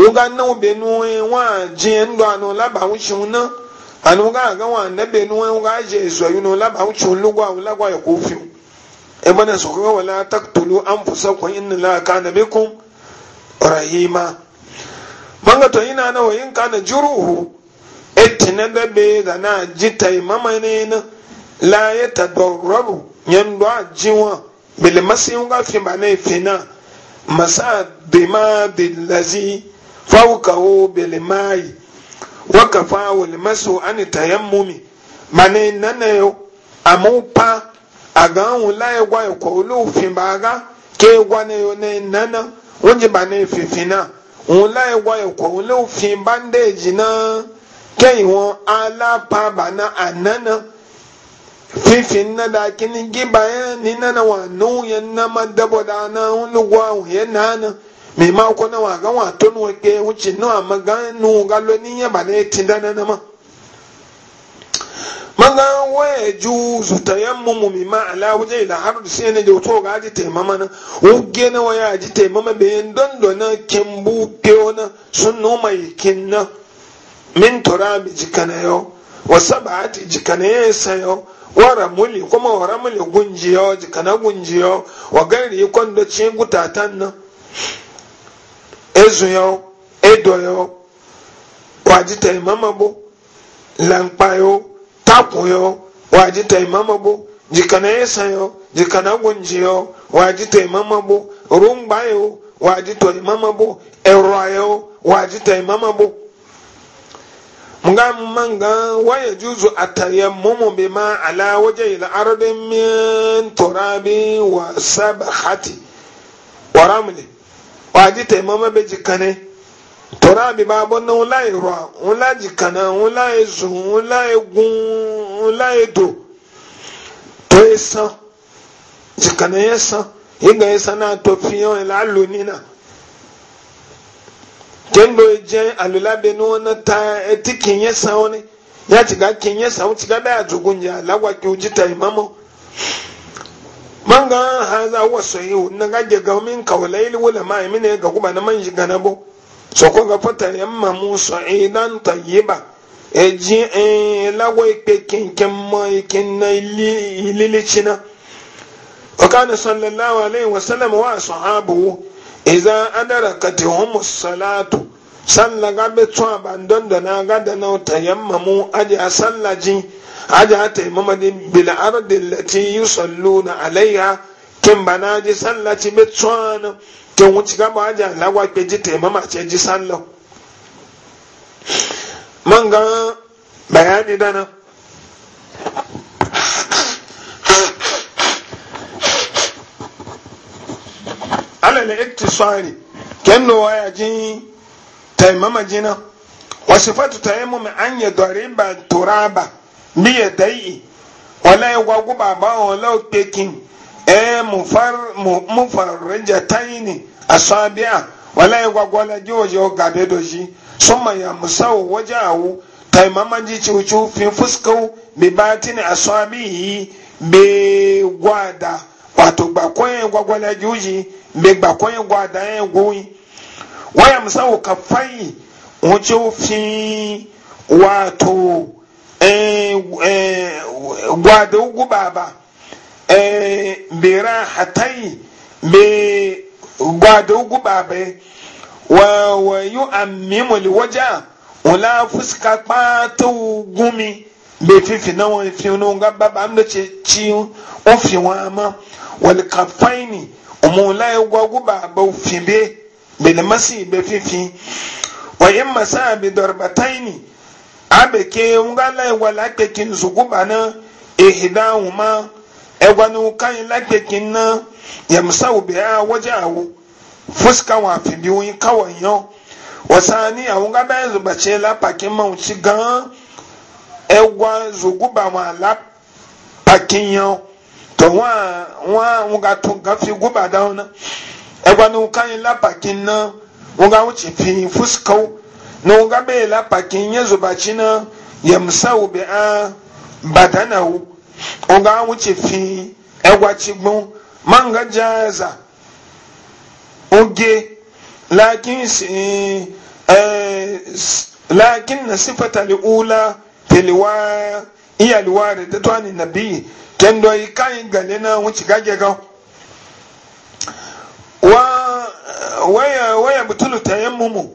wuga benu na anu ga ga wa na benu wuga je so lugwa gwa ko fi e na so ko wala taqtulu anfusakum rahima manga to na wa yin kana juruhu etina da be da na jita imama la ya tadarrabu yan do ajiwa bil masin ga fi ba ne fina masa fawukahu bilimai wakafa walimasu ani tayammumi mane nanayo amupa agahun laye gwa ikọ olóòfin bàgá ké gwa ne nana wọ́n jìbà ne fìfin náà òun láyé gwa ikọ na bandage náà kẹ́yìn wọn alápàbà náà ànánà fífin náà dà kíni nana mema ko na wa ga wa to nu ke wuce nu amma ga nu ga lo ni ya ba ne tinda na na ma manga waya juzu tayammumu mimma ala wuje ila har sai ne da to ga ji taimama na uge na waya ji taimama be don don na kembu ke na. sun no mai kinna min turabi jikana yo wa sab'ati jikana yesa yo wara muli kuma wara muli gunjiyo jikana gunjiyo wa gari kondo cin gutatan na ezuyo edoyo wajita imama bo lankpayo takuyo wajita imama bo jikana esayo jikana gunjiyo wajita imama bo rumbayo wajita imama bo erwayo wajita imama bo nga manga waya juzu atayammumu bima ala wajhil ardi min turabi wa sabhati wa waji taimama bai jikane tora bi ba bɔ na wula yi e rɔ wula jikana wula yi e zu wula yi e gun wula yi do to san jikana yi san yi ga san na to fiyan yi la lu ni na kendo yi jɛ alula bɛ ni wɔn ta eti kin yi san wɔni ya tiga kin yi san o tiga bɛ a dugu jɛ alagwa ki o ji taimama. man ga haza wa sahihu na ga ga min kaulail wala ma min ga kuma na man shiga na bo so ko ga fata yamma mu sa'idan e tayyiba e ji e lawo ipe kinkin mo ikin e na ililicina wa kana sallallahu alaihi wa sallam wa sahabu idza adarakatihum salatu salla ga be to abandon da na ga da na tayammamu aje sallaji aja taimama ne bil ardi na yusalluna alayha kin bana ji sallah ci be tswana kin wuci ga ba aja lagwa ke ji taimama ce ji sallah man ga bayani dana alal iktisari kenno waya ji taimama jina yi mu mai an yadriba turaba bi ya dayi wala ya gwagu baba wala pekin e mufar mufarrija tayni asabi'a wala ya gwagu wala jojo gabe doji summa ya musau wajahu taimama ji cucu fin fuskau bi batin asabi'i bi gwada wato gbakon gwagwala juji bi gbakon gwada yan goyi waya musau kafai wuce fin wato gwada eh, eh, ugu baba eh, bera hatayi be gwada ugu baba wa wa yu amimu liwaja wala fuska kpata gumi be fifi na wọn fi wọn nga baba amda da ce ci o fi ama wali kafaini umu la ya gwa baba fi be belimasi be fifi wa yin masa bi darbataini abeke ngala wala kekin zuguba na ihdahuma egwanu kan la kekin na yamsau biya wajahu fuska wa fidiyoyin kawai yau wasani awon gada zubace la pakin mawuci gan egwa zuguba wa la paki yau to wa wa nga tun ga fi guba da wona egwanu kan la pakin na nga wuce fi fuskau na wunga bai la pakin ya ci na yamsau bi a badanahu wunga wuce fi egwaci gbun man ga jaza oge lakin si eh, lakin na sifata li'ula tiliwa iya liwa da ta na nabi kendo yi kayan gale na wuce gage gan waya waya butulu tayammumu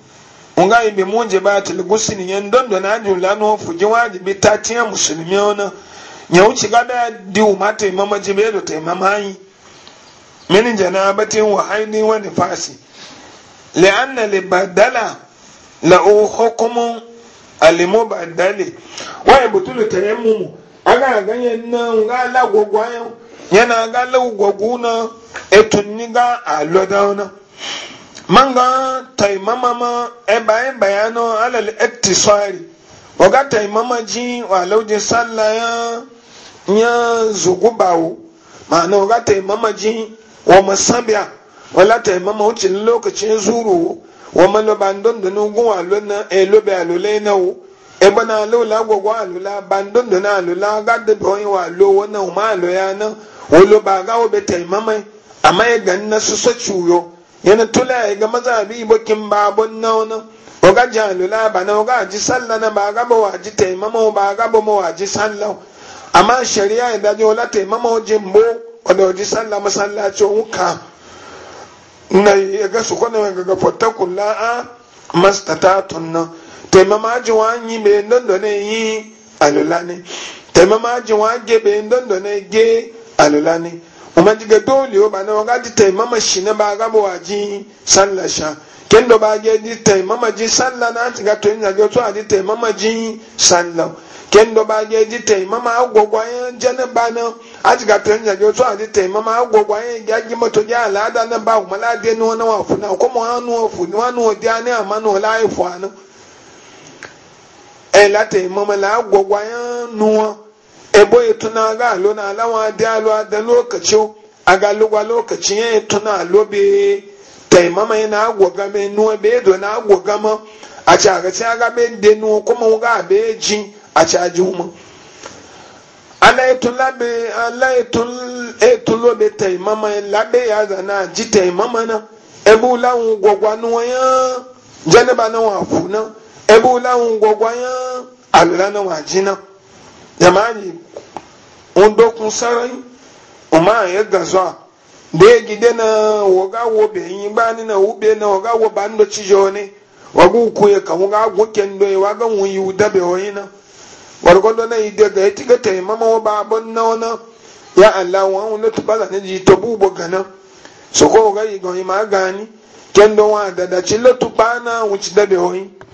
nga yi bi mun jeba til gusin yen don don ajun lanu fuji wajibi ta tiya musulmi ona nya uci gaba di umata mama jibe do te mama yi min janabatin wa haini wa nifasi li anna le badala la u hukumu alimu badali wa ibtulu tayammumu aga ganyen na ga la yana ga la etunni ga alodauna manga taimama ma e bayan bayano alal iktisari waga taimama ji wa walaujin sallah ya ya ma na ma'ana waga taimama ji wa masabiya wala taimama wucin lokacin zuru wa malobandon da nugun walon na elobe alulai na wo ebe na alula agwagwa alula bandon da na alula agadi da onye walo wannan ma alo ya na wolo ba ga obe taimama amma ya ga nna su so ciwo yana tula ya ga mazabi ibo kin babun nauna oga jalula ba na ji sallah na ba ga wa ji ba ga wa ji sallah amma shari'a ji wala taimama o na wanda ji sallah masallaci na ji wani mai dondo ne yi alula ne taimama ji wani gebe dondo ne ge alula amma diga dole o ba na waga di taimama shi na ba gaba wa ji sallah sha ken do ba ge di taimama ji sallah na ti ga to ina ge to a di taimama ji sallah ken do ba ge di taimama agwagwa ya jana ba na a ti ga to ina ge to a di taimama agwagwa ya ga gi mato ya alada na ba kuma la de no na wa na ko mo anu fu ọfụ wa nu di ani ama na ọla e fu anu e la la agwagwa ya nuwa ebo ya tuna ga alo na alawa di alo ada lokaci a ga lugwa lokaci ya tuna alo be taimama yana agwaga me nuwa be do na agwaga ma a ci aga ci aga be de nuwa kuma ga be ji a ci aji huma ala etu labe ala etu etu lobe taimama labe ya zana ji taimama na ebe ulawun gwagwa nuwa ya janaba na wafu na ebe ulawun gwagwa ya alula na wajina. na jamani ondokun sarai uma ya gazo da ya gide na waga wo benyi bani na ube na waga wo bando cijo ne ka uku ya kan waga goken doye waga wuyi uda be na wargodo na ide ga ya tiga ta imama wa babon na wana ya allah wa gana so ko waga yi ma gani kendo wa da da ci lotu bana da